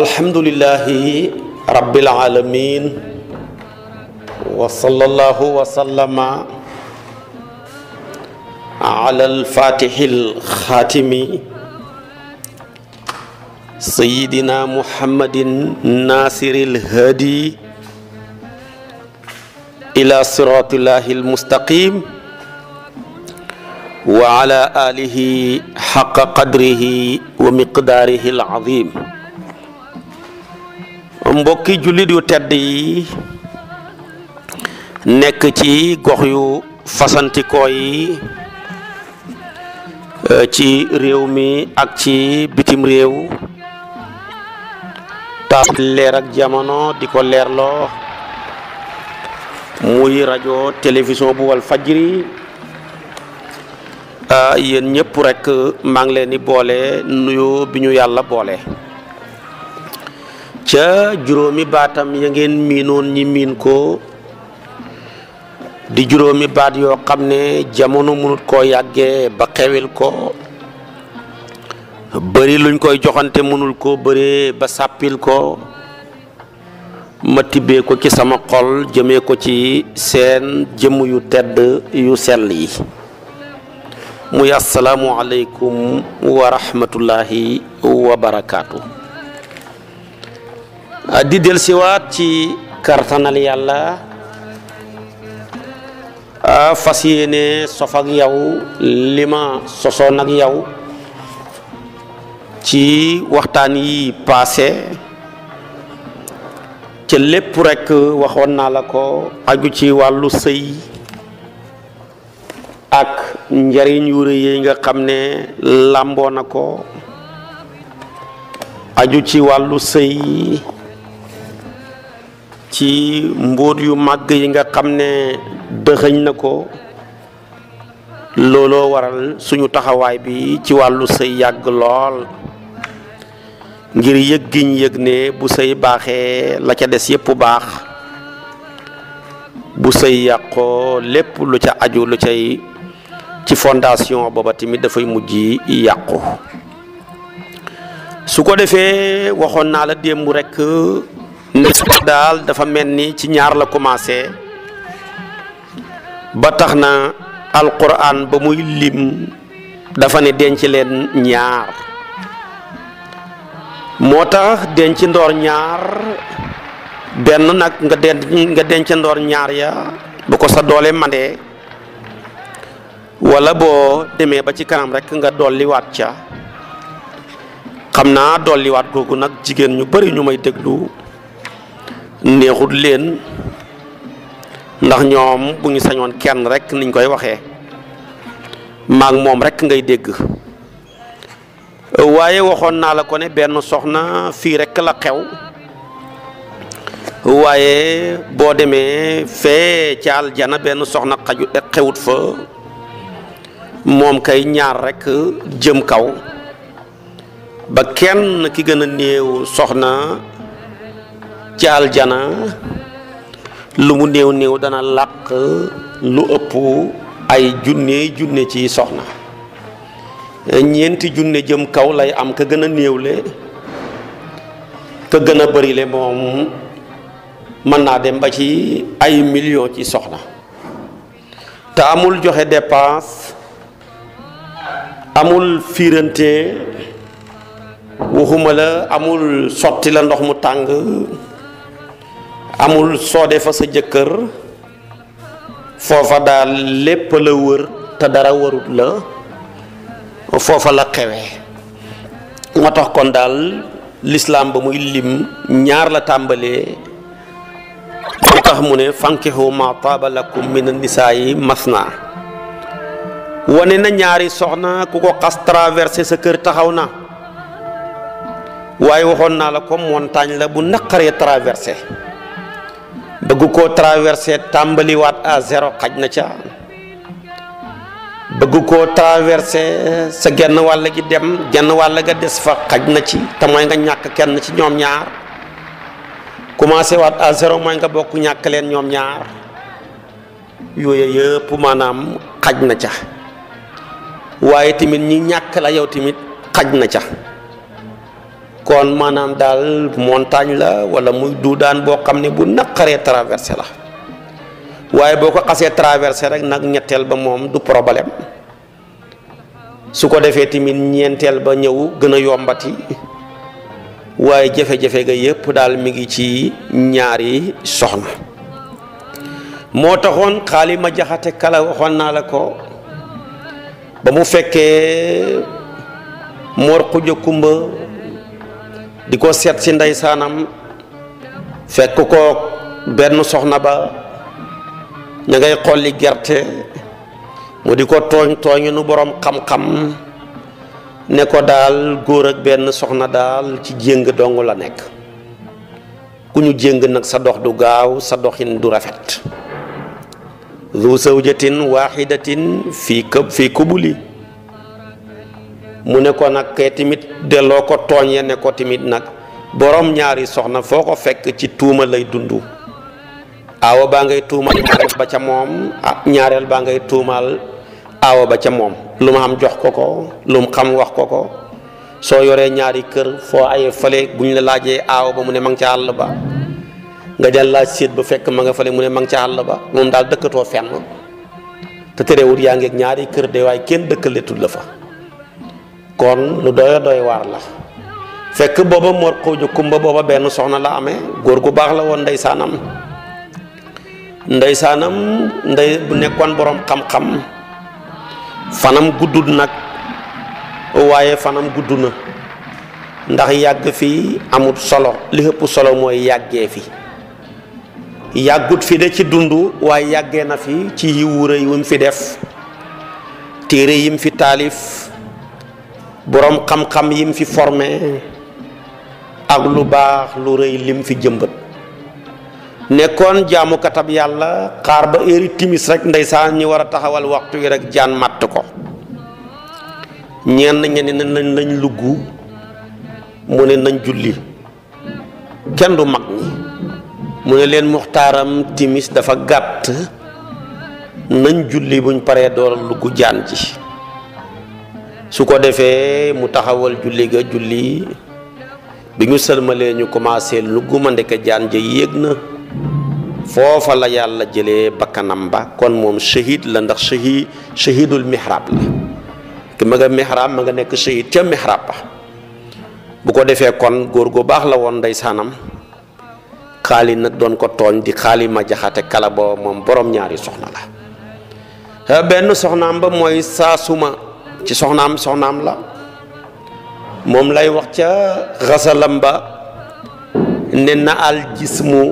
الحمد لله رب العالمين وصلى الله وسلم على الفاتح الخاتم سيدنا محمد الناصر الهادي إلى صراط الله المستقيم وعلى آله حق قدره ومقداره العظيم mbokki jullit yu tedd yi nekk ci gox yu fasantikoo yi euh, ci réew mi ak ci bitim réew taal leer ak jamono di ko leerloo muy rajo télévision bu wal fajri euh, yéen ñëpp rek maa ngi leen di boole nuyoo bi ñu yàlla boole ca juróomi baatam ya ngeen miinoon ñi miin ko di juróomi baat yoo xam ne jamono mënul koo yàggee ba xewil ko bari luñ koy joxante mënul koo bëree ba sàppil ko ma tibbee ko ci sama xol jëmee ko ci seen jëmm yu tedd yu sell yi muy asalaamualeykum wa rahmatullahi wa Ah, di del ci kartanal yalla a ah, fasiyene sof ak yaw lima soso nak yaw ci waxtan yi passé ci lepp rek waxon na la aju ci walu sey ak njariñ yu reey kamne nga xamne lambo nako aju ci walu sey ci mbóot yu màgg yi nga xam ne dëxëñ na ko looloo waral suñu taxawaay bi ci wàllu sëy yàgg lool ngir yëg giñ yëg ne bu sëy baaxee la ca des yépp baax bu sëy yàqoo lépp lu ca aju lu cay ci fondation booba tamit dafay mujj yàqu su ko defee waxoon naa la démb rekk ndeysaan daal dafa mel ni ci ñaar la commencé ba tax na alquran ba muy lim dafa ne denc leen ñaar moo tax denc ndoor ñaar benn nag nga denc nga denc ndoor ñaar ya bu ko sa doole mandee wala boo demee ba ci kanam rekk nga dolliwaat ca xam naa dolliwaat googu nag jigéen ñu bari ñu may déglu neexut leen ndax ñoom bu ñu sañoon kenn rekk niñ koy waxe maag moom rekk ngay dégg waaye waxoon naa la ko ne benn soxna fii rek la xew waaye boo demee fee ca aljana benn soxna xaju e xewut fa moom kay ñaar rekk jëm kaw ba kenn ki gën a néew soxna ci jana lu mu néew néew dana làq lu ëpp ay junne junne ci soxna ñeenti junne jëm kaw lay am ka gën a néewle ka gën a bërile moom mën naa dem ba ci ay million ci soxna te amul joxe dépense amul fiirante waxuma la amul sotti la ndox mu tàng amul soode fa sa jëkkër foofa daal lépp la wër te dara warut la foofa la xewe moo tax kon daal lislaam ba muy lim ñaar la tàmbalee moo tax mu ne fankihu ma taaba lakum mina nisaayi wane na ñaari soxna ku ko xas traversé sa kër taxaw na waaye waxoon naa la comme montagne la bu naqaree traversé bëgg koo traversé tàmbaliwaat à zéro xaj na ca bëgg koo traversé sa genn wàll gi dem genn wàll ga des fa xaj na ci te mooy nga ñàkk kenn ci ñoom ñaar commencé waat à zéro mooy nga bokk ñàkk leen ñoom ñaar yooyu yëpp maanaam xaj na ca waaye tamit ñi ñàkk la yow tamit xaj na ca kon maanaam daal montagne la wala muy daan boo xam ne bu naqaree traversé la waaye boo ko xasee traversé rek nag ñetteel ba moom du problème su ko defee tamit ñeenteel ba ñëw gën a yombati waaye jafe-jafe ga yépp daal mi ngi ci ñaari soxna moo taxoon xaali ma jaxate kala waxoon naa la ko ba mu fekkee moor xuja kumba di ko seet si ndeysaanam fekk ko benn soxna ba ña ngay xolli gerte mu di ko tooñ tooñu nu boroom xam-xam ne ko daal góor ak benn soxna daal ci jéng dong la nekk ku ñu jëng nag sa dox du gaaw sa doxin du rafet zu zawjatin wahidatin fii këb fii kubuli mu ne ko nag kay tamit delloo ko tooñ ya ne ko tamit nag boroom ñaari soxna foo ko fekk ci tuuma lay dund aawa baa ngay tuumal ba ca moom ah, ñaareel baa ngay tuumal aawa ba ca moom lu ma am jox ko ko lu mu xam wax ko ko soo yoree ñaari kër foo ayee fële bu ñu la laajee aawa ba mu ne ma nga ca àll ba nga jël laaj séet ba fekk ma nga fële mu ne ma nga ca àll ba moom daal dëkkatoo fenn te terewul yaa ngeeg ñaari kër de waaye kenn dëkkaletul la fa. kon lu doy doy waar la fekk booba Mor Xooja Kumba booba benn soxna la ame góor gu baax la woon ndeysaanam ndeysaanam ndey bu nekkoon boroom xam-xam fanam guddul nag waaye fanam gudd ndax yàgg fi amut solo li ëpp solo mooy yàggee fi yàggut fi de ci dund waaye yàggee na fi ci yiwu rëy yi mu fi def téere yi mu fi taalif boroom xam-xam yim fi forme ak lu baax lu rëy lim fi jëmbat nekkoon jaamukatab yàlla xaar ba heure timis rek ndeysaan ñi war a taxawal waxtu wi rek jaan matt ko ñenn ñeneen ne nañ lañ lugg mu ne nañ julli kenn du mag ñi mu ne leen muxtaaram timis dafa gàtt nañ julli buñ paree door lugg jaan ji su ko defee mu taxawal julli ga julli bi ñu sëlmalee ñu commencé lu guma ndeke jaan ja yéeg na foofa la yàlla jëlee bakkanam ba kon moom shahid la ndax shahid shahidul mihrab la ki ma nga mihrab nekk shahid ca mihrab ba bu ko defee kon góor gu baax la woon ndeysaanam xaali nag doon ko tooñ di xaali ma jaxate kala moom borom ñaari soxna la benn soxnaam ba mooy saasuma ci soxnaam soxnaam la moom lay wax ca xasalam ba ne na al jismu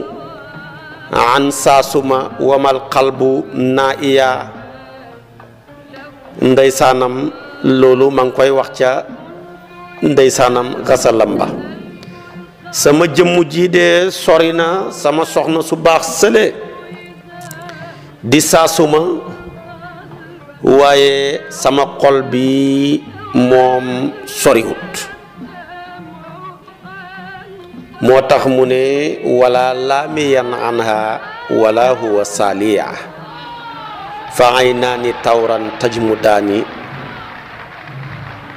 an saasuma wamal xalbu naa iya ndeysaanam loolu ma ngi koy wax ca ndeysaanam xasalam ba sama jëmm ji de sorina sama soxna su baax sële di saasuma waaye sama xol bi moom soriwut moo tax mu ne wala laamiyan anha wala huwa saaliya fa aynaani tawran tajmudaani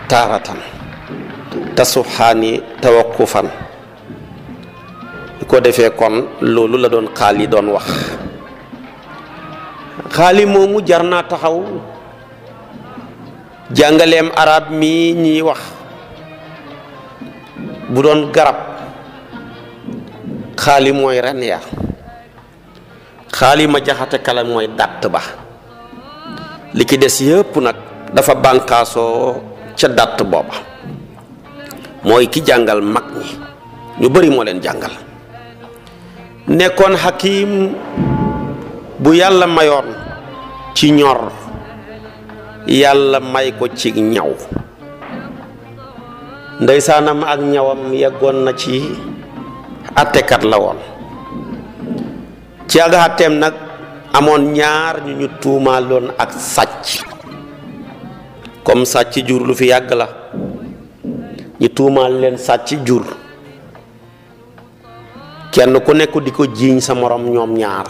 taaratan tasuxaani tawakkufan ko defee kon loolu la doon xaali doon wax xaali moomu jar naa taxaw jangalem arab mi ñi wax bu doon garab xali moy ren ya xali ma jaxata kala moy dat ba li ki dess yépp nak dafa bankaso ci dat boba moy ki jangal mag ñi ñu bari mo len jangal nekkon hakim bu yalla mayor ci ñor yàlla may ko ci ñaw ndeysaanam ak ñawam yeggoon na ci atekat la woon ci ak àtteem nag amoon ñaar ñu ñu tuumaaloon ak sàcc comme sàcc jur lu fi yàgg la ñu tuumaal leen sàcc jur kenn ku nekk di ko jiiñ sa moroom ñoom ñaar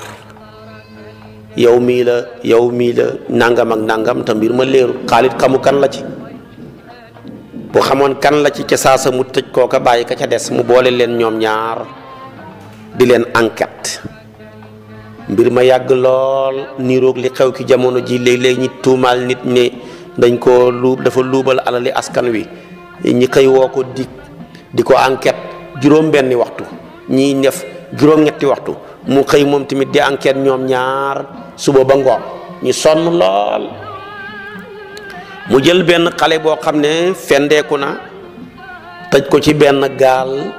yow mi la yow mi la nangam ak nangam ta mbir ma leeru khalid kamu kan la ci bu xamone kan la ci ci sasa mu tëj koka baye ka ca dess mu boole len ñom ñaar di len enquête mbir ma lol ni rok li xew ki jamono ji léeg-léeg ñi tumal nit ne dañ ko lu dafa luubal alali askan wi ñi xey woko dik di di ko enquête juroom benni waxtu ñi def juroom ñetti waxtu mu xëy moom tamit di enquête ñoom ñaar suba ba ngoon ñu sonn lool mu jël benn xale boo xam ne fendeeku na tëj ko ci benn gaal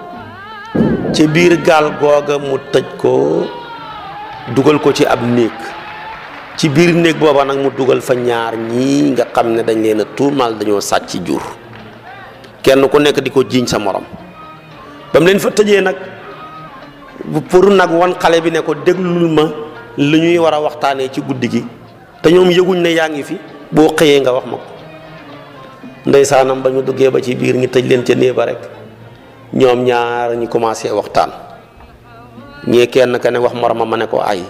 ci biir gaal googa mu tëj ko dugal ko ci ab néeg ci biir néeg booba nag mu dugal fa ñaar ñii nga xam ne dañ leen a tuumaal dañoo sàcc jur kenn ku nekk di ko jiiñ sa moroom ba mu leen fa tëjee nag pour nag wan xale bi ne ko déglul ma li ñuy war a waxtaanee ci guddi gi te ñoom yëguñ ne yaa ngi fi boo xëyee nga wax ma ko ndeysaanam ba ñu duggee ba ci biir ñu tëj leen ca néeg ba rek ñoom ñaar ñi commencé waxtaan ñee kenn ka ne wax moromam ma ne ko ay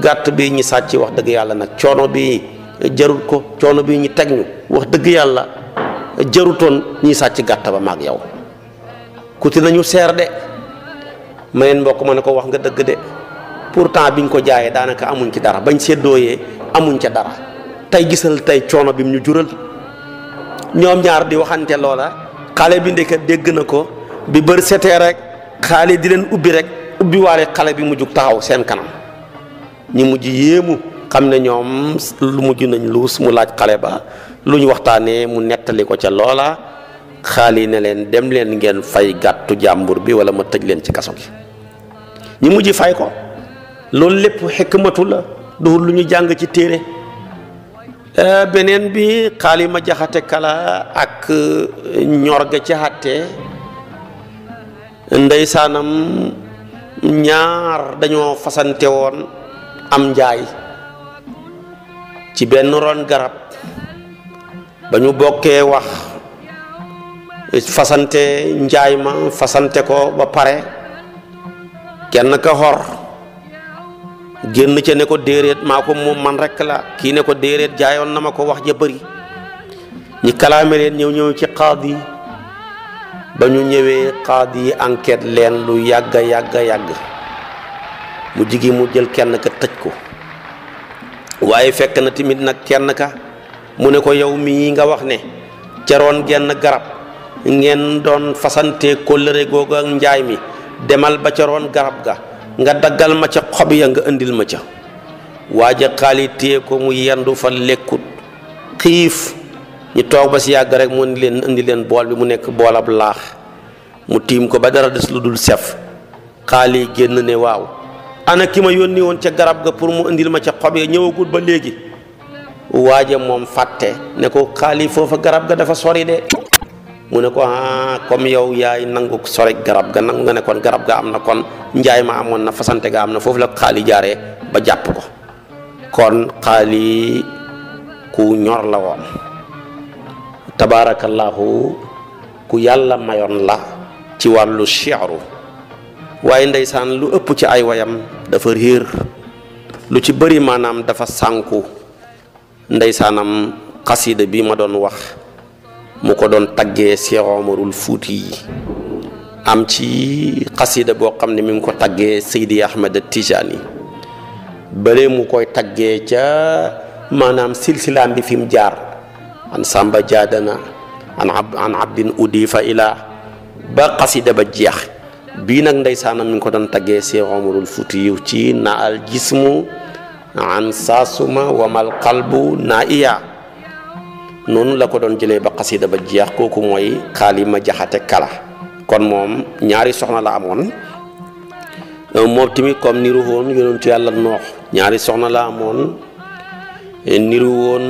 gàtt bi ñi sàcc wax dëgg yàlla nag coono bi jarul ko coono bi ñu teg ñu wax dëgg yàlla jarutoon ñi sàcc gàtt ba maag yow kuti nañu seer de mayen mbokk ma ko wax nga deug de pourtant biñ ko jaayé danaka amuñ ci dara bañ séddooyee amuñ ci dara tay gisal tay choono bim ñu jural ñom ñaar di waxanté lola xalé bi ndeke degg na ko bi bër sété rek xalé di len ubbi rek ubbi waale xalé bi juk taxaw seen kanam ñi mujj yéemu xam ne ñoom lu mujj nañ luus mu laaj xalé ba lu waxtané mu nettali ko ci lola xali ne len dem len ngeen fay gattu jambour bi wala ma tëj len ci kasso gi ñi mujj fay ko loolu lépp xikmatu la duhul lu ñu jàng ci téere euh, beneen bi xaalima jaxate kala ak euh, ñor ga ndeysaanam ñaar dañoo fasante woon am njaay ci benn ron garab ba ñu bokkee wax fasante njaay ma fasante ko ba pare kenn ka xor génn ca ne ko déeréet maa ko moom man rek la kii ne ko déeréet jaayoon na ma ko wax ja bëri ñi kalaame leen ñëw ñëw ci xaadi ba ñu ñëwee xaadi enquête leen lu yàgga yàgga yàgg mu jigi mu jël kenn ka tëj ko waaye fekk na tamit nag kenn ka mu ne ko yow mii nga wax ne ceroon genn garab ngeen doon fasante kóllëre googu ak njaay mi demal ba ca ron garab ga nga daggal ma ca xob ya nga indil ma ca waaja xaali téye ko mu yendu fa lekkut xiif ñu toog ba si yàgg rek mu leen indi leen bool bi mu nekk boolab laax mu tiim ko ba dara des lu dul sef xaali génn ne waaw ana ki ma yónni woon ca garab ga pour mu indil ma ca xob ya ñëwagul ba léegi waaja moom fàtte ne ko xaali foofa garab ga dafa sori de mu ne ko ah comme yow yaay nangu sore garab ga nangu nga ne kon garab ga am na kon njaay ma amoon na fasante ga am na foofu la xaali jaare ba jàpp ko kon xaali ku ñor la woon tabaarakallaahu ku yàlla mayoon la ci wàllu shi'ru waaye ndeysaan lu ëpp ci ay wayam dafa réer lu ci bëri maanaam dafa sànku ndeysaanam xasida bi ma doon wax mu ko doon taggee Cheikh Omarul Fuuti yi am ci xasida boo xam ne mu ngi ko taggee Seydi Ahmed Tijani bale mu koy taggee ca maanaam silsilaam bi fi mu jaar an sàmba jaadana an ab an abdin udifa ila ba xasida ba jeex bii nag ndeysaanam mi ngi ko doon taggee Cheikh Omarul Fuuti yi ci na al jismu an saasuma wamal qalbu na iya noonu la ko doon jëlee ba xasida ba jeex kooku mooy xaalima jaxate kala kon moom ñaari soxna la amoon euh, moom tamit comme niru woon yonentu yàlla noox ñaari soxna la amoon euh, niru woon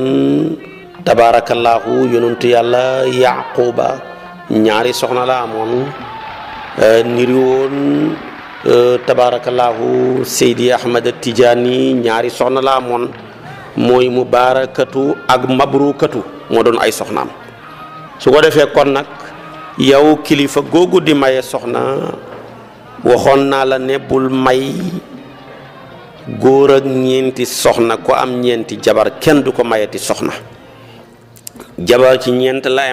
tabaarakallaahu yonentu yàlla ñaari soxna la amoon euh, niru woon tabaarakallaahu seydi ahmad tijaani ñaari soxna la amoon mooy mubaarakatu ak mabrukatu moo doon ay soxnaam su ko defee kon nag yow kilifa googu di maye soxna waxoon naa la ne bul may góor ak ñeenti soxna ko am ñeenti jabar kenn du ko mayeti soxna jabar ci ñeent la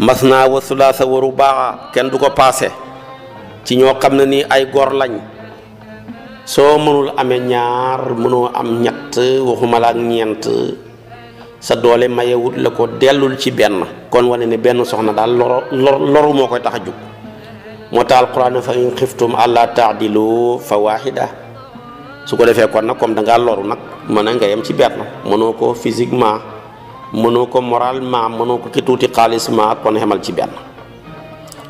mas naa wasulaa sa waru rubaa kenn du ko paase ci ñoo xam ne ni ay góor lañ soo mënul amee ñaar mënoo am ñett waxuma ñeent sa doole mayewut la ko dellul ci benn kon wane ne benn soxna daal loro lor moo koy tax a jug moo tax alquran fa in xiftum alla taadilu fa waahida su ko defee kon nag comme da ngaa nag mën a nga yem ci benn mënoo ko physiquement mënoo ko moralement mënoo ko ki tuuti xaalis ma kon xemal ci benn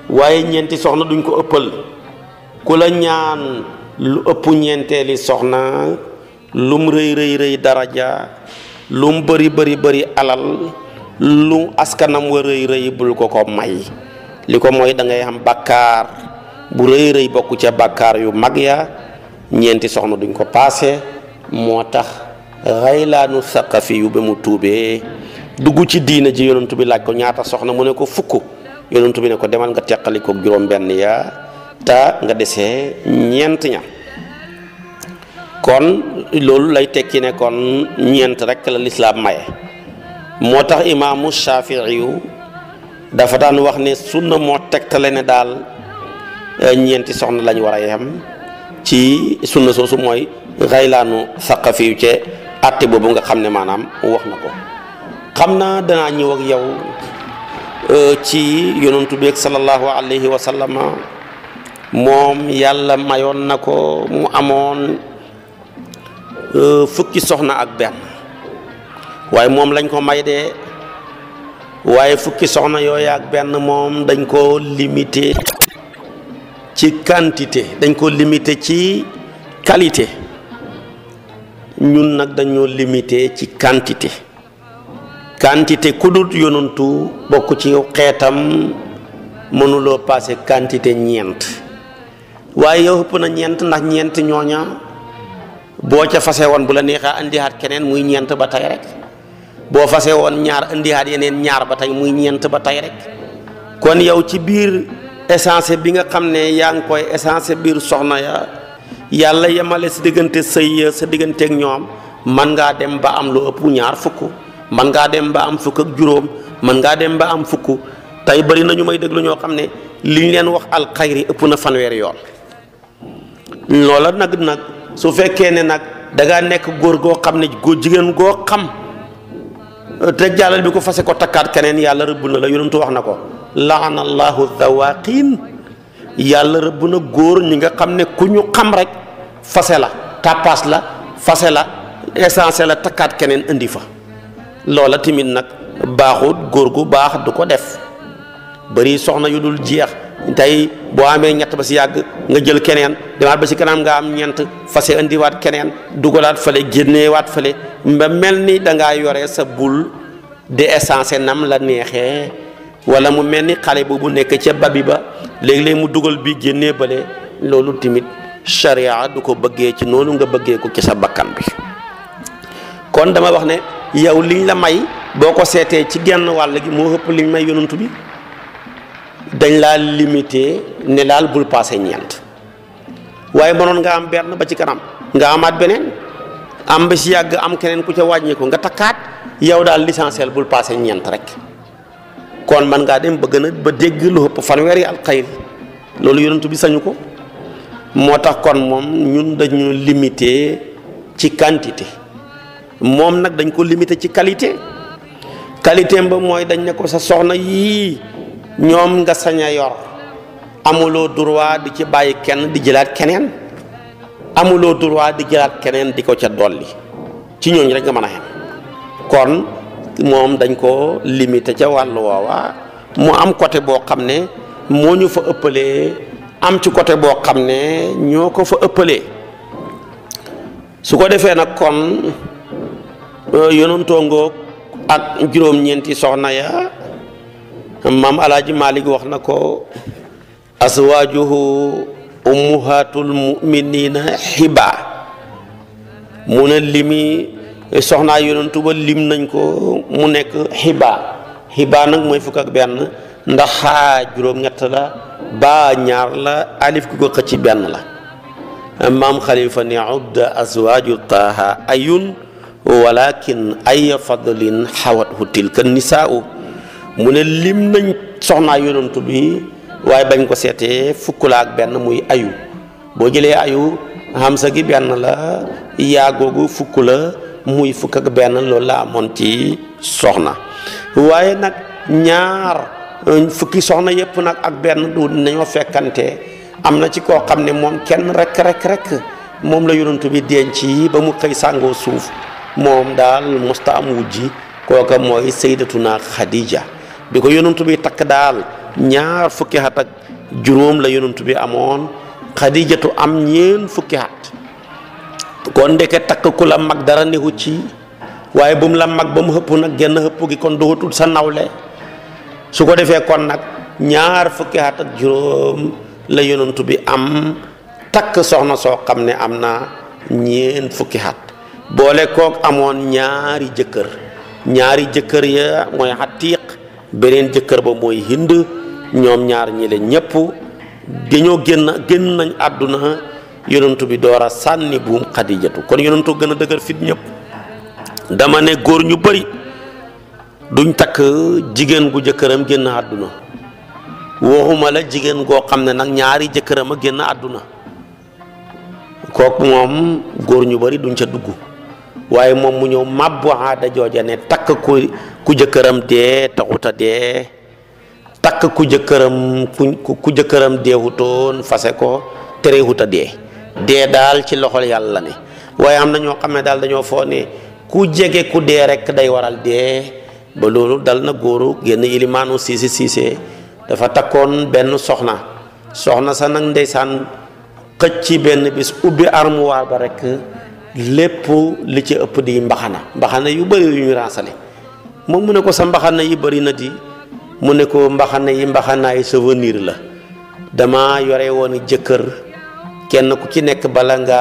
waaye ñeenti soxna duñ ko ëppal ku la ñaan lu ëpp ñeenteeli soxna lum rëy rëy rëy daraja lum beri beri bari alal lu askanam wa reey reey bul ko ko may liko moy da ngay am bakar bu reey reey bokku ci bakar yu mag ya ñenti soxna duñ ko passé ya. motax ghaylanu thaqafi be tubé ci diina ji yonentu bi laj ko ñaata soxna mu ne ko fukk yonentu bi ne ko demal nga tekkali ko ya ta nga dessé ñent ñaa kon loolu lay tekki ne kon ñeent rek la lislaam maye moo tax imaamu shafii yu dafa daan wax ne sunna moo tegtale ne daal eh, ñeenti soxna lañ war a ci sunna soosu mooy xaylaanu saqafi yu ci àtte boobu nga xam ne maanaam wax na ko xam naa danaa ñëw ak yow eh, ci yonantu beeg sallallahu alayhi wa moom yàlla mayoon na ko mu amoon Euh, fukki soxna ak benn waaye moom lañ ko may de waaye fukki soxna yooyu ak benn moom dañ koo limité ci quantité dañ koo limité ci qualité ñun nag dañoo limité ci quantité quantité ku dul yonantu bokk ci xeetam mënuloo passé quantité ñeent waaye yow ëpp na ñeent ndax ñeent ñooña bo ca fasé won bu la andi hat kenen muy ñent ba tay rek bo fasé won ñaar hat yenen ñaar ba tay muy ñent ba tay rek kon yow ci bir essence bi nga xamné ne koy essence bir soxna ya yalla yemale ci digënté sey sa digënté ak ya, ñoom man nga dem ba am lu ëpp ñaar fukk man nga dem ba am fukk ak juroom man nga dem ba am fukk tay bari nañu may déglu ñoo xamné liñ leen wax alxayri ëpp na fanwer yool lola nag nag su fekkee ne nag da ngaa nekk góor goo xam ne góor jigéen goo xam te jàllal bi ko fase ko takkaat keneen yàlla rëbb na la yonentu wax na ko laana allahu yàlla rëbb na góor ñi nga xam ne ku ñu xam rek fase la tàppaas la fase la essence la takkaat keneen indi fa loola tamit nag baaxut góor gu baax du ko def bëri soxna yu dul jeex tey boo amee ñett ba si yàgg nga jël keneen demaat ba si kanam nga am ñeent fase indiwaat keneen dugalaat fële génneewaat fële ba mel ni da ngaa yore sa bul de essence nam la neexee wala mu mel ni xale boobu nekk ca babi ba léeg-léeg mu dugal bi génnee bale loolu tamit sharia du ko bëggee ci noonu nga bëggee ko ci sa bakkan bi kon dama wax ne yow liñ la may boo ko seetee ci genn wàll gi moo ëpp liñ may yonantu bi dañ laa limité ne laal bul passé ñeent waaye mënoon nga am benn ba ci kanam nga amaat beneen am ba si yàgg am keneen ku ca wàññeeku nga takkaat yow daal l'essentiel bul passé ñeent rek kon man ngaa dem ba gën a ba dégg lu ëpp fanweeri alxayr loolu yonent bi sañu ko moo tax kon moom ñun dañu limité ci quantité moom nag dañ ko limité ci qualité qualité ba mooy dañ ne ko sa soxna yii Nyom nga sañ a yor amuloo droit di ci bàyyi kenn di jëlaat keneen amuloo droit di jëlaat keneen di ko ca dolli ci ñooñu rek nga mën hen kon moom dañ ko limité ca wàll woowa mu am côté bo xam ne moo ñu fa ëppalee am ci côté bo xam ne ko fa ëppalee su ko defee nag kon euh, yonantoo ak juróom-ñeenti soxna ya maam alaaji Malick wax na ko aswaajuhu ummuhaatul muminina xiba mu ne limi soxnaa yonentu ba lim nañ ko mu nekk xiba xiba nag mooy fukk ak benn ndax xaa juróom-ñett la baa ñaar la alif ku ko xëcc benn la maam xalifa ne udda aswaaju taaha ayun walakin ay fadlin xawathu tilka nisaau mu ne lim nañ soxnaa yonent bi waaye bañ ko seetee fukk la ak benn muy ayu boo jëlee ayu hamsa gi benn la yaa googu fukk la muy fukk ak benn loolu la amoon ci soxna waaye nag ñaar euh, fukki soxna yépp nag ak benn du nañoo fekkante am na ci koo xam ne moom kenn rek rek rek moom la yonent bi denc ba mu xëy sàngoo suuf moom daal mosta am wujji kooka mooy sayyidatuna Khadija bi yonentou bi tak nyar ñaar fukki hat ak juroom la yonentou bi amon khadijatu am ñeen fukki hat kon deke tak kula mag dara nehu ci waye bum la mag bam mu nak genn gi kon dootul sa nawle su ko kon nak ñaar fukki hat ak juroom la yonentou bi am tak soxna so xamne ne am na ñeen fukki hat boole kok amoon ñaari jëkkër ñaari jëkkër ya moy hatiq beneen jëkkër ba mooy hind ñoom ñaar ñi le ñépp dañoo génn génn nañ àdduna yonantu bi door a sànni buum xadijatu kon yonentu gën a dëgër fit ñépp dama ne góor ñu bari duñ takk jigéen gu jëkkëram génn àdduna waxuma la jigéen goo xam ne nag ñaari jëkkëram a génn àdduna kook moom góor ñu bari duñ ca dugg waaye moom mu ñëw mabbu aada jooja ne takk ku ku jëkkëram dee taxuta dee takk ku jëkkëram ku ku jëkkëram deewutoon fase ko terewuta dee dee daal ci loxol yàlla ne waaye am na ñoo xam ne daal dañoo foo ku jege ku dee rek day waral dee ba loolu dal na góoru génn ilimaanu siise siise dafa takkoon benn soxna soxna sa nag ndeysaan xëcc ci benn bis ubbi armoire ba rek lepp li ci ëpp di mbaxana mbaxana yu bari yu rasalé ransale mu ne ko sa mbaxana yi bari na di mu ne ko mbaxana yi mbaxana yi souvenir la dama yoré woon kian kenn ku ci nek bala nga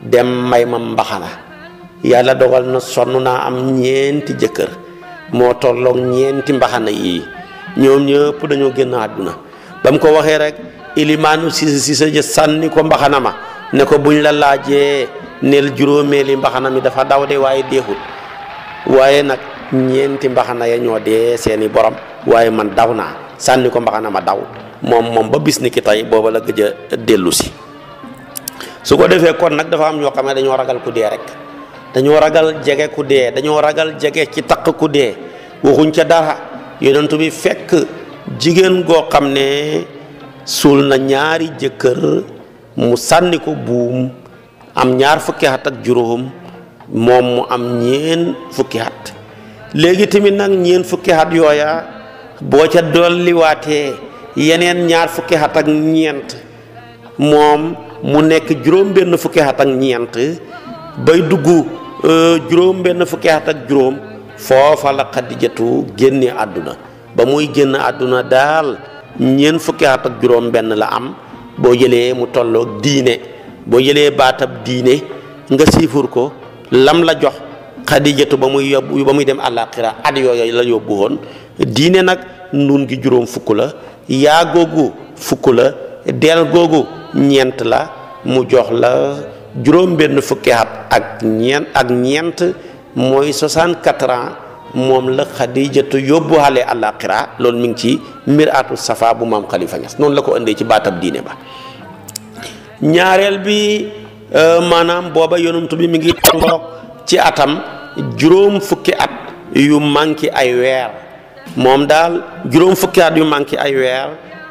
dem may ma mbaxana yalla dogal na sonu na am ñeenti jëkkër mo tolloog ñeenti mbaxana yi ñom ñepp dañu genn aduna ba ko waxé rek ilimanu sisi sisi sa ko mbaxana ma ne ko buñ la laajee nel juróomeeli mbaxana mi dafa daw de waaye deexul waaye nag ñeenti mbaxana ya ñoo dee seeni borom waaye man daw naa sànni ko mbaxana ma daw moom moom ba bis ni ki tey booba la gëj a dellu si su ko defee kon nag dafa am ñoo xam dañoo ragal ku dee rek dañoo ragal jege ku dee dañoo ragal jege ci taq ku dee waxuñ ca dara yonentu bi fekk jigéen goo xam ne na ñaari jëkkër mu sànni ko buum am ñaar fukki at ak juróom moom mu am ñeen fukki at léegi tamit nag ñeen fukki at yooya boo ca dolliwaatee yeneen ñaar fukki at ak ñeent moom mu nekk juróom benn fukki at ak ñeent bay dugg euh, juróom benn fukki at ak juróom foofa la xadijatu génne àdduna ba muy génn àdduna daal ñeen fukki at ak juróom benn la am boo jëlee mu tollook diine boo jëlee baatab diine nga siifur ko lam la jox xadijatu ba muy yóbbu ba muy dem àllaaxira at yooyu la yóbbu woon diine nag nun gi juróom fukk la yaa googu fukk la del googu ñeent la mu jox la juróom benn fukki at ak ñeent ak ñeent mooy 64 ans moom la xadijatu yóbbu xale àllaaxira loolu mi ngi ci miraatu safa bu maam xalifa Ñas noonu la ko indee ci baatab diine ba ñaareel bi euh, maanaam booba yonent bi mi ngi tolloog ci atam juróom fukki at yu manqué ay weer moom daal juróom fukki at yu manqué ay weer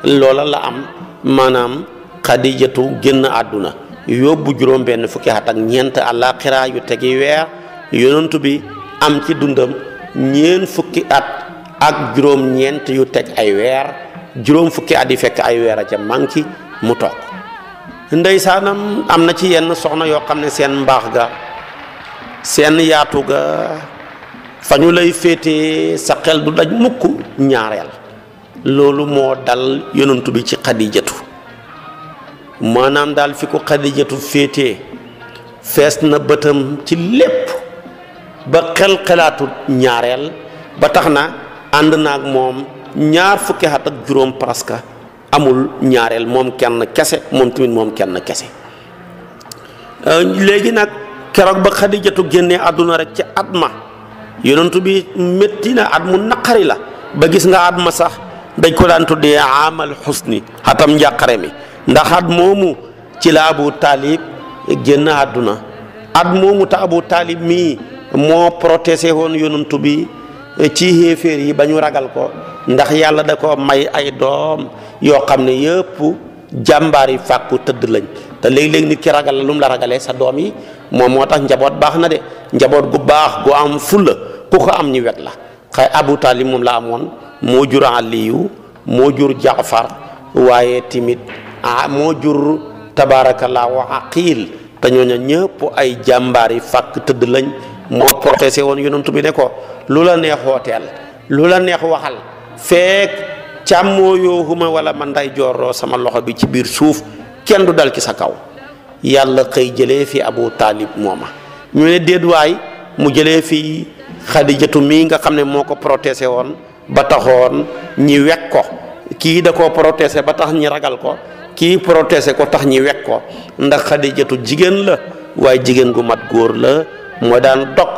loola la am maanaam xadijatu génn àdduna yóbbu juróom benn fukki at ak ñeent àllaaxira yu tegi weer yonent bi am ci dundam ñeent fukki at ak juróom ñeent yu teg ay weer juróom fukki at yi fekk ay weer a ca manqué mu toog ndeysaanam am na ci yenn soxna yoo xam ne seen mbaax ga seen yaatu ga fa ñu lay féetee sa xel du daj mukk ñaareel loolu moo dal yonantu bi ci xadijatu maanaam daal fi ko xadijatu féetee fees na bëtam ci lépp ba xel xelaatu ñaareel ba tax na ànd naag moom ñaar fukki at ak juróom presque amul ñaareel moom kenn kese moom tamit moom kenn kese euh, léegi nag keroog ba xadijatu génne àdduna rek ci at ma yonentu bi métti na at mu naqari la ba gis nga at ma sax dañ ko daan tuddee amal xusni xatam njàqare mi ndax at moomu ci la abu taalib génn àdduna at moomu abu taalib mii moo protésé woon yonentu bi ci xéeféer yi ba ñu ragal ko ndax yàlla da ko may ay doom yoo xam ne yëpp jàmbaar yi fàkku tëdd lañ te léegi-léegi nit ki ragal la lu mu la ragalee sa doom yi moom moo tax njaboot baax na de njaboot gu baax gu am fulla ku ko am ñu wet la xay abu taalib moom la amoon moo jur aliyu moo jur jaafar waaye timit ah moo jur tabaarakallaahu aqiil te dañoo ñëpp ay jàmbaar yi fàkk tëdd lañ mo protesté won yonentou bi ne ko lula neex hotel lu neex waxal chamo yo huma wala man day jorro sama loxo bi ci kian souf kenn du dal ki sa kaw yalla jele fi abu Talib muama ñu ne déet way mu jele fi khadijatu mi nga xamne moko ko protesté won ba taxoon ñi wek ko ki da ko protesté ba tax ñi ragal ko ki protesté ko tax ñi wek ko ndax khadijatu jigen la way jigen gu mat gor la moo daan tog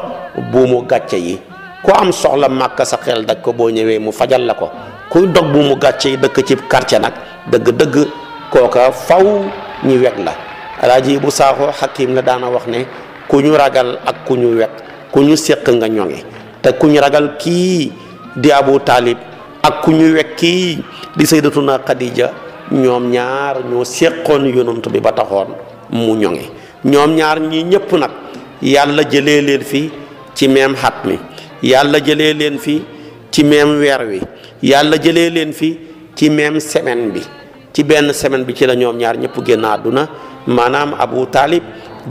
buumu gatcha yi ku am soxla makka sa xel dak ko bo ñewé mu fajal la ko kuy dog buumu gatcha yi dekk ci quartier nak deug deug koka faw ñi la alaji bu saxo hakim la daana wax ne ku ñu ragal ak ku ñu weg ku ñu sekk nga ñongi te ku ñu ragal ki di abu talib ak ku ñu weg ki di sayyidatuna khadija ñom ñaar ñoo séqoon yonantu bi ba taxoon mu ñongi ñom ñaar ñi ñepp nak yàlla jëlee leen fi ci même xat mi yàlla jëlee leen fi ci même weer wi yàlla jëlee leen fi ci même semaine bi ci benn semaine bi ci la ñoom ñaar ñëpp génn àdduna maanaam Abu Taalib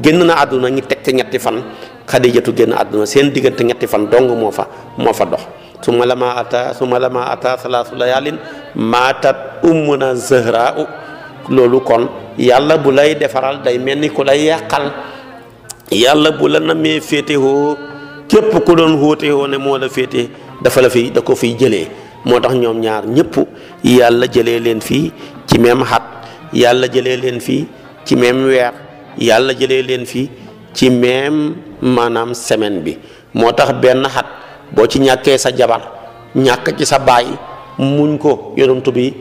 génn na àdduna ñu teg ci ñetti fan Xadijatu génn àdduna seen diggante ñetti fan dong moo fa moo fa dox suma lama ata suma lama ata salaasu layaalin maatat ummuna zahraa loolu kon yàlla bu lay defaral day mel ni ku lay yàqal yàlla bu la namee féetewoo képp ku doon wóotewoo ne moo la féete dafa la fi da ko fiy jëlee moo tax ñoom ñaar ñëpp yàlla jëlee leen fii ci même xat yàlla jëlee leen fii ci même weer yàlla jëlee leen fii ci même maanaam semaine bi moo tax benn xat boo ci ñàkkee sa jabar ñàkk ci sa baay muñ ko yonent bi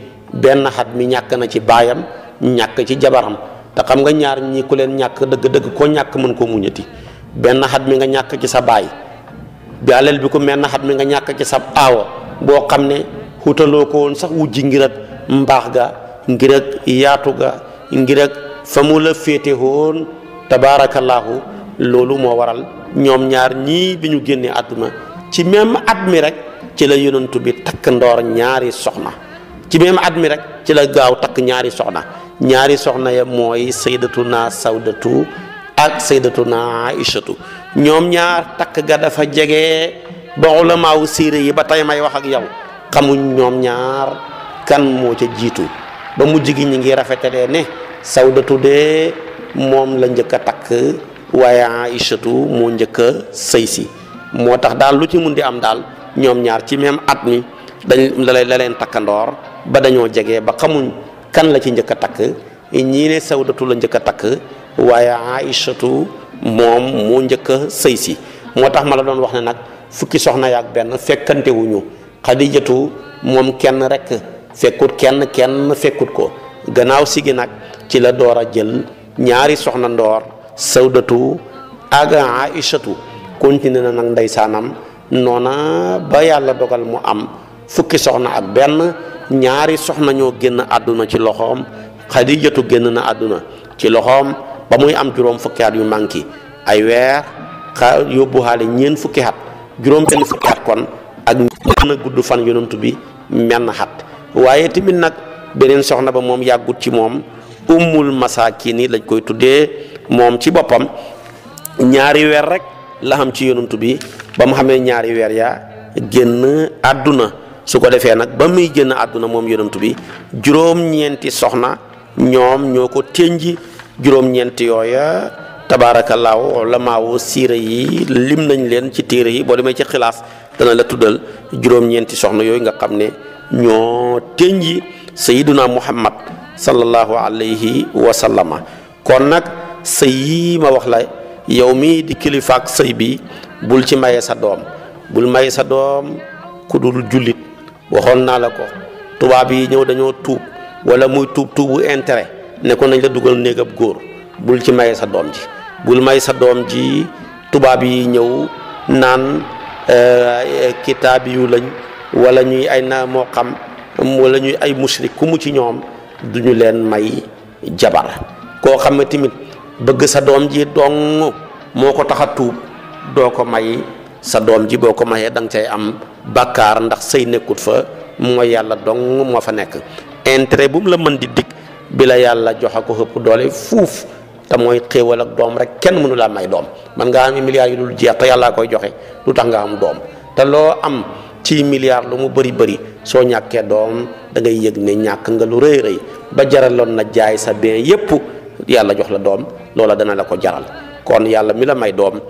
benn xat mi ñàkk na ci baayam ñàkk ci jabaram Takam xam nga ñaar ñi ku leen ñak deug deug ko ñak mën ko muñati ben xat mi nga ñak ci sa bay bi alal bi ko men xat mi nga ñak ci sa aawo bo xamne ne xutaloo ko woon sax wu jingirat mbax ga ngir ak yaatu ga ngir ak famu la fete hon tabarakallah lolu mo waral ñom ñaar ñi biñu genné ci même admi rek ci la yonentou bi tak ndor ñaari soxna ci même admi rek ci la gaaw tak ñaari soxna ñaari soxna ya mooy naa sawdatu ak saydatuna aïchatu ñoom ñaar takk ga dafa jege ba ulamaawu siire yi ba tey may wax ak yow xamuñ ñoom ñaar kan moo ca jiitu ba mujj gi ñi ngi rafete rafetalee ne sawdatu de moom la njëkk a takk waaye aïchatu moo njëkk a sëy si moo tax daal lu ci mun di am daal ñoom ñaar ci même at mi dañ la leen takkandoor ba dañoo jege ba xamuñ kan la ci njëkk a takk ñii ne sawdatu la njëkk a takk waaye aïchatu moom mu njëkk a sëy si moo tax ma la doon wax ne nag fukki soxna yi ak benn fekkantewuñu wuñu xadijatu moom kenn rekk fekkut kenn kenn fekkut ko gannaaw si gi nag ci la door a jël ñaari soxna ndoor sawdatu ak aïchatu continué na nag ndeysaanam noona ba yàlla dogal mu am fukki soxna ak benn ñaari soxnañoo ñoo génn àdduna ci loxoom xadijatu génn na àdduna ci loxoom ba muy am juróom fukki at yu manqué ay weer xa yóbbuwaale ñeent fukki at juróom benn fukki at kon ak gën gudd fan yonent bi menn xat waaye tamit nag beneen soxna ba moom yàggut ci moom ummul masakini lañ koy tuddee moom ci boppam ñaari weer rek la xam ci yonent bi ba mu xamee ñaari weer ya génn àdduna su ko defee nag ba muy génn àdduna moom yonantu bi juróom-ñeenti soxna ñoom ñoo ko ténji juróom-ñeenti yooya tabaarakallaahu ulamaawu siira yi lim nañ leen ci téere yi boo demee ci xilaas dana la tuddal juróom-ñeenti soxna yooyu nga xam ne ñoo ténji muhammad sallallahu alayhi wa sallama kon nag sëy ma wax la yow mii di kilifaak sëy bi bul ci maye sa doom bul maye sa doom ku dul waxoon naa la ko tubaab yi ñëw dañoo tuub wala muy tuub tuubu intérêt ne ko nañ la dugal néeg góor bul ci maye sa doom ji bul may sa doom ji tubaab yi ñëw naan euh, kitaab yu lañ wala ñuy ay na moo xam wala ñuy ay mushrik ku mu ci ñoom duñu leen may jabar koo xam ne tamit bëgg sa doom ji dong moo ko tax a tuub doo ko may sa doom ji boo ko mayee da nga cay am bàkkaar ndax sëy nekkut fa mooy yàlla dong moo fa nekk intérêt bu mu la mën di dig bi la yàlla jox ko xëpp doole fuuf te mooy xéewal ak doom rek kenn mënula laa may doom man ngaa am milliards yu dul jeex te yàllaa koy joxe lu tax nga am doom te loo am ci milliard lu mu bëri bëri soo ñàkkee doom da ngay yëg ne ñàkk nga lu rëy rëy ba jaraloon na jaay sa bien yépp yàlla jox la doom loola dana la ko jaral kon yàlla mi la may doom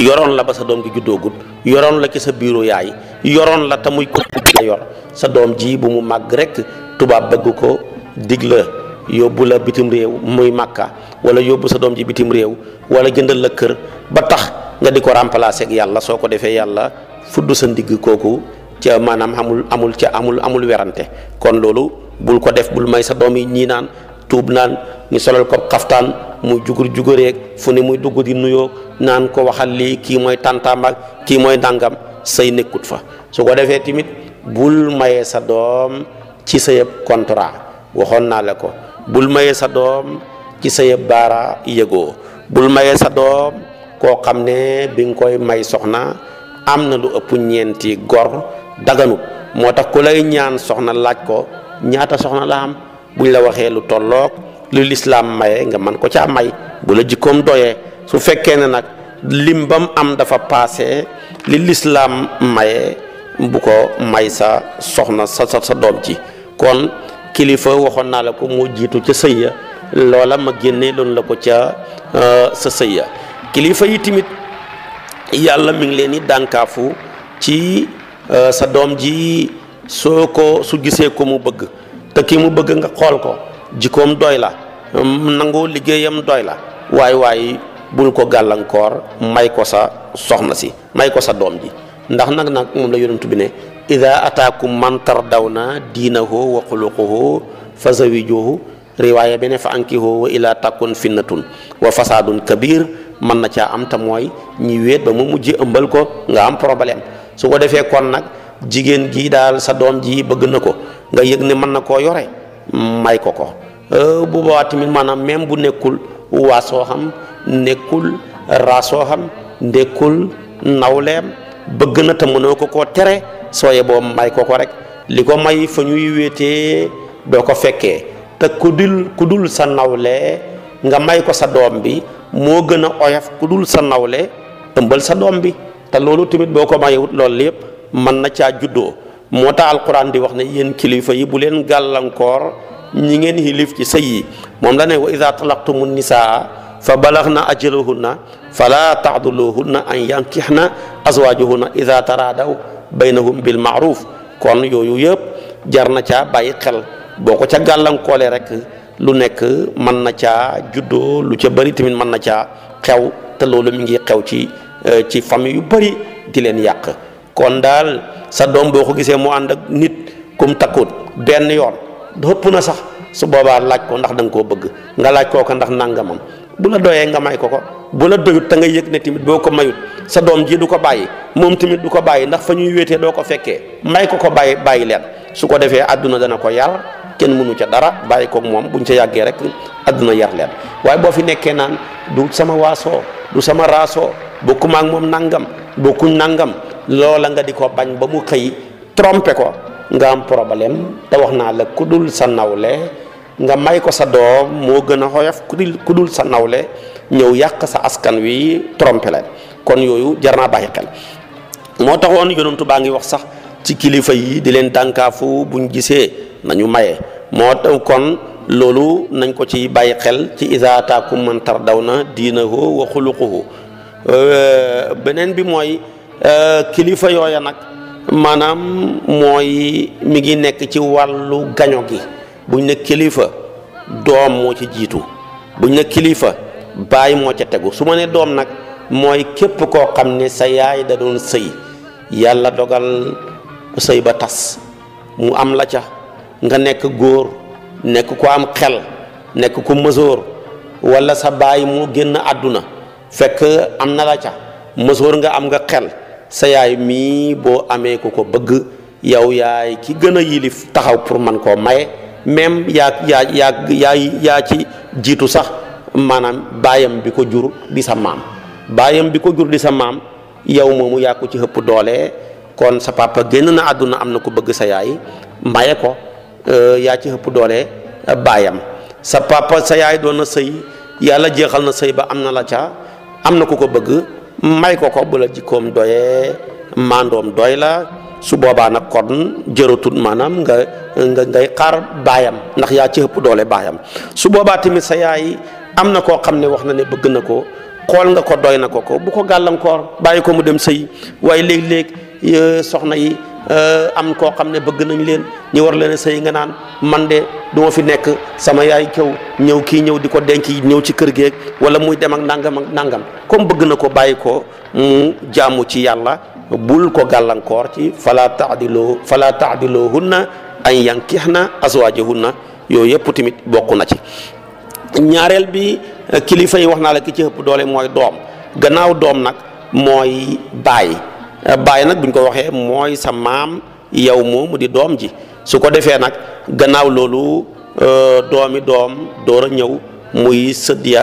yoroon la ba sa doom gi juddoogul yoroon la ci sa biiru yaay yoroon la te muy ko la yor sa doom ji bu mu màgg rek tubaab bëgg ko digla yóbbu la bitim réew muy màkka wala yóbbu sa doom ji bitim réew wala jëndal la kër ba tax nga di ko remplacer ak yàlla soo ko defee yàlla fudd sa ndigg kooku ca maanaam amul amul ca amul amul werante kon loolu bul ko def bul may sa doom yi ñii naan tuub naan ñu solal ko kaftan mu jugur jugureeg fu ne muy dugg di nuyoo naan ko waxal lii kii mooy tàntaam ak kii mooy dangam sëy nekkut fa su ko defee timit bul maye sa doom ci sa yëb contrat waxoon naa la ko bul maye sa doom ci sa yëb baara bul maye sa doom koo xam ne bi nga koy may soxna am na lu ëpp ñeenti gor daganut moo tax ku lay ñaan soxna laaj ko ñaata soxna la am buñ la waxee lu tolloog lu lislaam maye nga man ko caa may bu la jikkoom doyee su fekkee ne nag lim bam am dafa paase li lislaam maye bu ko may sa soxna sa sa doom ji kon kilifa waxoon naa la ko moo jiitu ca sëy ya loola ma génnee loolu la ko ca euh, sa sëy kilifa yi tamit yàlla mi ngi leen dànkaafu ci euh, sa doom ji soo ko su gisee ko mu bëgg te ki mu bëgg nga xool ko jikom doy la mm, nangoo liggéeyam doy la waay waay bul ko gàllankoor may ko sa soxna si may ko sa doom ji ndax nag nag moom la yonent bi ne ida ataakum man tardawna diinahu wa xuluquhu fa zawijuhu riwaaya bi ne fa ankihu wa ila takun finnatun wa fasadun kabir man na caa am ta mooy ñi wéet ba mu mujj ëmbal ko nga am problème su ko defee kon nag jigéen gi daal sa doom ji bëgg na ko nga yëg ne mën na koo yore may ko ko euh, bu boobaa tamit maanaam même bu nekkul waa soo xam nekkul rasoo soo xam nekkul nawleem bëgg na te mënoo ko koo tere sooye boo may ko ko rek li ko may fa ñuy wéetee doo ko fekkee te ku dul ku dul sa nawle nga may ko sa doom bi moo gën a oyof ku dul sa nawle ëmbal sa doom bi te loolu tamit boo ko mayewut loolu lépp mën na caa juddoo moo tax alquran di wax ne yéen kilifa yi bu leen gàllankoor ñi ngeen xilif ci sëy yi moom la ne wa ida talaqtumu nisaa fa na balaghna ajalahunna fala tahduluhunna an yankihna azwaajahunna ida taraadaw baynahum bil maaruf kon yooyu yëpp jar na caa bàyyi xel boo ko ca gàllankoole rek lu nekk mën na caa juddoo lu ca bari tamit mën na caa xew te loolu mi ngi xew ci eh, ci famille yu bëri di leen yàq kon daal sa doom boo ko gisee mu ànd ak nit kum takkuut benn yoon ëpp na sax su boobaa laaj ko ndax da nga koo bëgg nga laaj koo ko ndax nangamam bu la doyee nga may ko ko bu la doyut te nga yëg ne tamit boo ko mayut sa doom ji du ko bàyyi moom tamit du ko bàyyi ndax fa ñuy wéetee doo ko fekkee may ko ko bàyyi bàyyi leen su ko defee àdduna dana ko yar kenn mënu ca dara bàyyi koog moom bu ñu sa yàggee rek àdduna yar leen waaye boo fi nekkee naan du sama waasoo du sama raasoo bokkuma ak moom nangam bokkuñ nangam loola nga di ko bañ ba mu xëy trompe ko nga am problème te wax naa la ku dul sa nawle nga may ko sa doom moo gën a xoyof ku ku dul sa nawle ñëw yàq sa askan wi trompe la kon yooyu jar naa bàyyi xel moo taxoon yonantu baa ngi wax sax ci kilifa yi di leen dànkaafu buñ gisee nañu maye moo tax kon loolu nañ ko ci bàyyi xel ci iza ataakum man tardawna diinahu wa xuluquhu euh, beneen bi mooy Euh, kilifa yooya nag maanaam mooy mi ngi nekk ci wàllu gaño gi buñ ne kilifa doom moo ci jiitu buñ ne kilifa baay moo ca tegu su ma ne doom nag mooy képp koo xam ne sa yaay da doon sëy yàlla dogal sëy ba tas mu am la ca nga nekk góor nekk ko am xel nekk ko mësoor walla sa baay mu génn àdduna fekk am na la ca mësoor nga am nga xel sa yaay mi bo amé ko ko bëgg yaw yaay ki gëna yilif taxaw pour man ko maye même ya ya ya yaa ya ci jitu sax manam bayam bi ko jur di sa mam bayam bi ko jur di sa mam yaw momu ya ko ci hëpp doole kon sa papa genn na aduna am na ko bëgg sa yaay maye ko ya ci hëpp doole bayam sa papa sa yaay doon na sëy yàlla na sey ba amna na la ca am ko ko bëgg may ko ko bu la jikkoom doyee mandoom doy la su boobaa nag kon jërëtul maanaam nga nga ngay xaar baayam ndax yaa ci ëpp doole baayam su boobaa tamit sa yaay am na koo xam ne wax na ne bëgg na ko xool nga ko doy na ko ko bu ko gàllankoor bàyyi ko mu dem sëy waaye léeg-léeg soxna yi. Euh, am koo xam ne bëgg nañ leen ñu war leen a sëy nga naan man de du fi nekk sama yaay kaw ñëw kii ñëw di ko denc ñëw ci kër geeg wala muy dem ak nangam ak nangam comme bëgg na ko bàyyi ko mu jaamu ci yàlla bul ko gàllankoor ci fala taadiloo fala taadilohunna an yankihna azwaajahunna yooyu yëpp tamit bokk na ci ñaareel bi kilifa yi wax naa la ki ci ëpp doole mooy doom gannaaw doom nag mooy bàyyi baay nag buñ ko waxee mooy sa maam yow moomu di doom ji su ko defee nag gannaaw loolu euh, doomi doom door a ñëw muy sëdd ya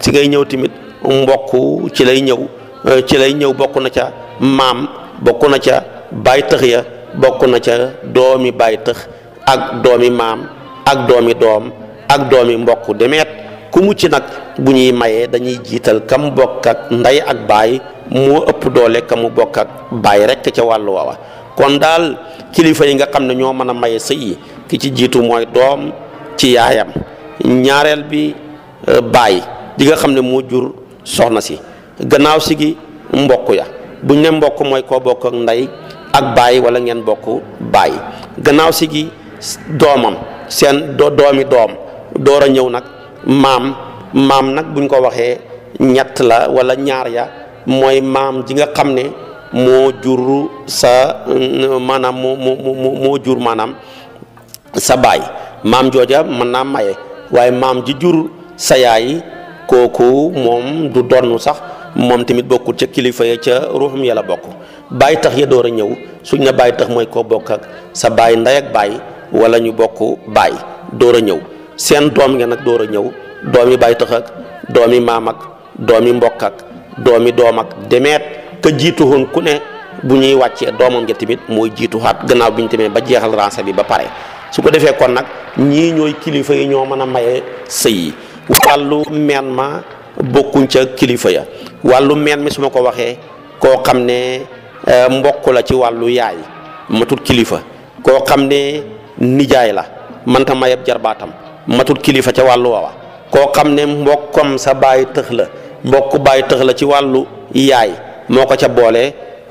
ci ngay ñëw tamit mbokk ci lay ñëw euh, ci lay ñëw bokk na ca maam bokk na ca baay tëx ya bokk na ca doomi baay tëx ak doomi maam ak doomi doom ak doomi mbokk demeet ku ci nag bu ñuy mayee dañuy jiital kam bokk ak ndey ak baay moo ëpp doole ka mu bokk ak bàyyi rek ca wàllu waawa kon daal kilifa yi nga xam ne ñoo mën a maye sëy yi ki ci jiitu mooy doom ci yaayam ñaareel bi euh, baay di xam ne moo jur soxna si gannaaw si gi mbokk ya buñ ne mbokk mooy koo bokk ak ndey ak baay wala ngeen bokk baay gannaaw si gi doomam seen do doomi doom door a ñëw nag maam maam nag buñ ko waxee ñett la wala ñaar ya mooy maam ji nga xam ne moo jur sa maanaam moo jur maanaam sa baay maam jooja mën naa maye waaye maam ji jur sa yaay kooku moom du donn sax moom tamit bokkul ca kilifa ya ca ruuxum yàlla bokk bàyyi tax ya door a ñëw suñ na bàyyi tax mooy koo bokk ak sa baay ndey ak baay wala ñu bokk baay door a ñëw seen doom nga nag door a ñëw doom yi bàyyi tax ak doom yi doomi doom ak demeet ka jiitu woon ku ne bu ñuy wàccee doomam ja mooy mooy jiituwaat gannaaw bi ñu demee ba jeexal rance bi ba pare su ko defee kon nag ñii ñooy kilifa yi ñoo mën a maye sëy yi wàllu meen ma bokkuñ ca kilifa ya wàllu meen mi su ma ko waxee koo xam ne eh, mbokk la ci wàllu yaay matul kilifa koo xam ne nijaay la mënta mayab jarbaatam matul kilifa ca wàllu wawa koo xam ne mbokkam sa baay tëx la mbokk bàyyi tëx la ci wàllu yaay moo ko ca boole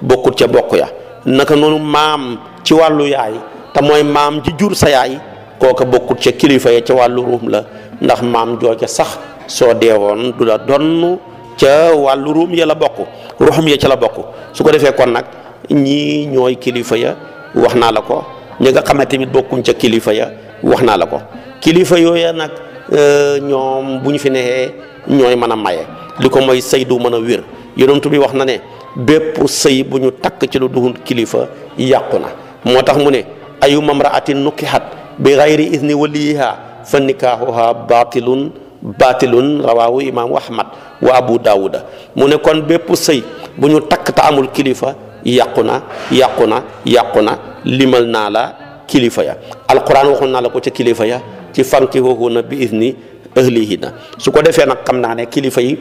bokkut ca bokk ya naka noonu maam ci wàllu yaay te mooy maam ji jur sa yaay kooka bokkut ca kilifa ya ca wàllu ruum la ndax maam jooja sax soo deewoon du la donn ca wàllu ruum ya la bokk ruxum ya ca la bokk su ko defee kon nag ñii ñooy kilifa ya wax naa la ko ñi nga xam ne tamit bokkuñ ca kilifa ya wax naa la ko kilifa yooya nag euh, ñoom bu ñu fi nexee ñooy mën a maye li ko moy sëy du mën a wér yonent bi wax na ne bépp sëy bu ñu takk ci lu duhun kilifa yàqu na moo tax mu ne ayuma mraatin nukkihat bi gayri idni waliyiha fa nikaahuha baatilun baatilun rawaahu imaamu ahmad wa abu daawuda mu ne kon bépp sëy bu ñu takk te amul kilifa yàqu na yàqu na yàqu na limal naa la kilifa ya alquran waxoon naa la ko ca kilifa ya ci fankihuhunna bi idni ahlihi na su ko defee nag xam naa ne kilifa yi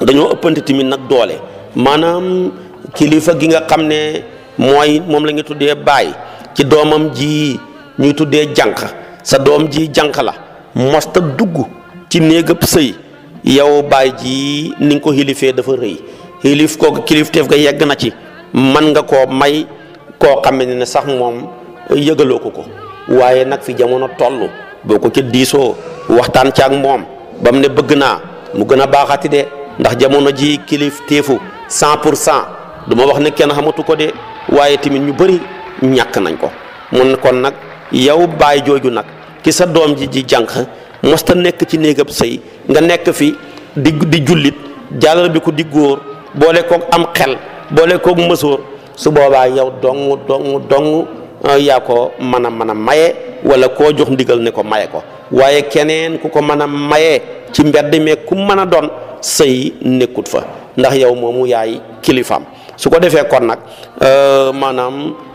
dañoo ëppante tamit nag doole maanaam kilifa gi nga xam ne mooy moom la ñu tuddee baay ci doomam ji ñuy tuddee jànq sa doom ji jànq la mosta dugg ci néegab sëy yow baay ji ni nga ko xilifee dafa rëy xilif koo kilifteef ga yegg na ci man nga koo may koo xam ne ne sax moom yëgaloo ko ko waaye nag fi jamono toll boo ko ca diisoo waxtaan ci ak moom ba mu ne bëgg naa mu gën a baaxati de ndax jamono ji kilif téefu cent pour cent du wax ne kenn xamatu ko de waaye tamit ñu bëri ñakk nañ ko mun kon nag yow baay jooju nag ki sa doom ji ji jànq mosta nekk ci néegab sëy nga nekk fi di di jullit jàllal bi ko di góor boole koog am xel boole koog mësoor su boobaa yow dong dong dong Euh, yaa ko mën a mën a maye wala koo jox ndigal ne ko maye ko waaye keneen ku ko mën a maye ci mbedd mee ku mën a doon sëy nekkut fa ndax yow moomu yaay kilifaam su ko defee kon nag euh, maanaam